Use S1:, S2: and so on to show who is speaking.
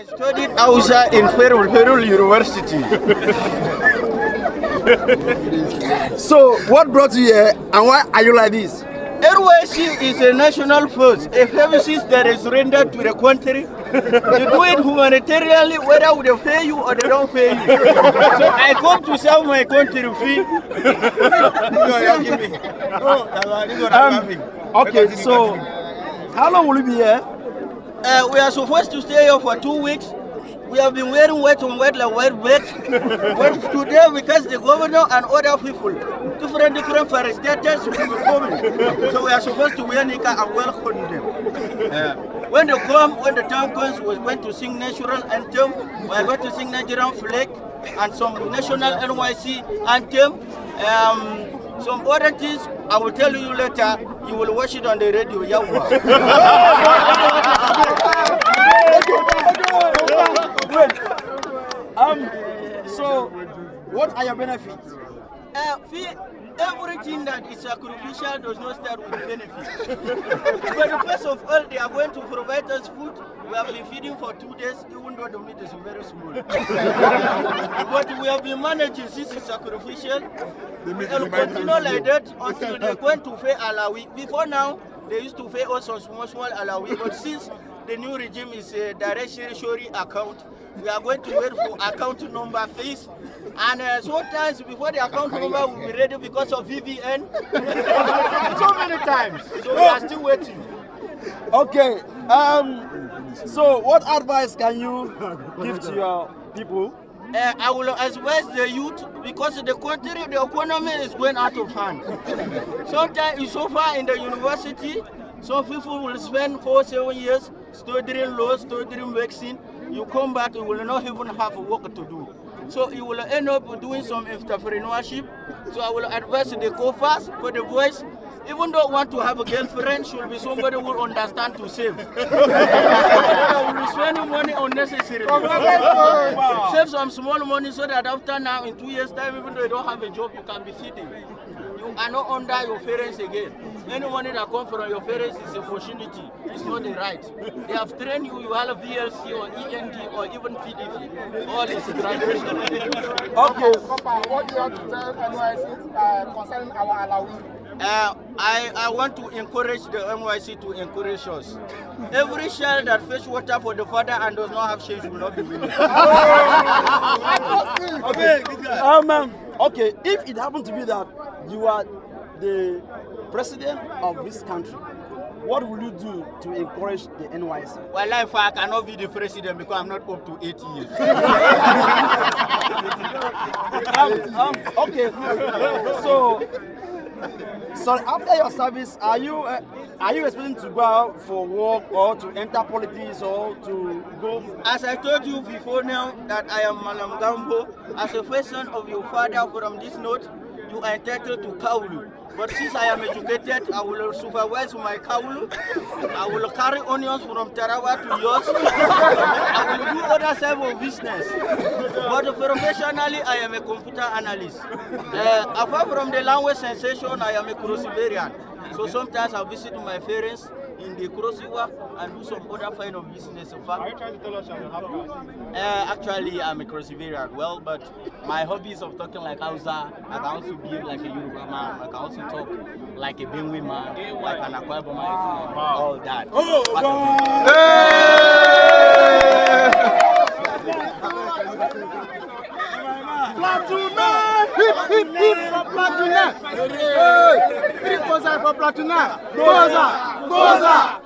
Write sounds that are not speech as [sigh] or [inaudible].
S1: I studied Hausa in Ferul, Ferul University. so, what brought you here and why are you like this? NYC is a national force, a services that is rendered to the country. You do it humanitarianly, whether they pay you or they don't pay you. So I come to serve my country free. um, okay, so how long will you be here? Uh, we are supposed to stay here for two weeks. We have been wearing wet on wet like wet wet. but today, because the governor and other people, different different forestators will be coming. so we are supposed to wear nika and welcome them. Uh, when they come, when the time comes, we're going to sing national anthem. We're going to sing Nigerian flag and some national NYC anthem. Um, some other things I will tell you later. You will watch it on the radio. Yeah. [laughs] What are your benefits? Uh, everything that is sacrificial does not start with benefits. [laughs] but first of all, they are going to provide us food. We have been feeding for two days, even though the meat is very small. [laughs] but we have been managing since it's sacrificial. They will continue like that until they're going to pay Alawi. Before now, they used to pay us on small, small Alawi, but since the new regime is a uh, direct shari account. We are going to wait for account number fees. And uh, sometimes before the account number will be ready because of VVN. [laughs] so many times. So we are still waiting. Okay. Um, so what advice can you give to your people? Uh, I will advise the youth because the country, the economy is going out of hand. Sometimes so far in the university, some people will spend four, seven years studying law, studying vaccine, you come back, you will not even have work to do. So you will end up doing some entrepreneurship. So I will advise the co-fast for the boys. Even though want to have a girlfriend, should be somebody who will understand to save. I [laughs] will money unnecessarily. Save some small money so that after now, in two years' time, even though you don't have a job, you can be sitting. You are not under your parents again. Any money that comes from your parents is a opportunity. It's not a right. They have trained you, you have VLC or END or even PDP. All is graduation. [laughs] okay. Papa, what do you have to tell NYC uh, concerning our allowance? Uh, I, I want to encourage the NYC to encourage us. Every shell that fetch water for the father and does not have change will not be winning. [laughs] okay, okay. Um, um, okay, if it happened to be that you are the president of this country, what will you do to encourage the NYC? Well, if I cannot be the president because I'm not up to eight years. um, um, okay, so, so after your service, are you uh, are you expecting to go out for work or to enter politics or to go? As I told you before now that I am Malam Gambo, as a person of your father from this note, you are entitled to Kaulu. But since I am educated, I will supervise my cowl. I will carry onions from Tarawa to yours. I will do other several business. But professionally, I am a computer analyst. Uh, apart from the language sensation, I am a Crossiberian. So sometimes I visit my parents in the cross crossover and do some other kind of business. In fact, are you trying to tell us you're an uh, Actually, I'm a cross crossoverian, well, but my hobbies of talking like Hausa, I can also be like a Yoruba man, I can also talk like a Benue man, like an Akwaibo man, wow. all that. Oh, God! Hip, hip, hip, for Platuna! Hey! Hip, for Platuna! Rosa! cosa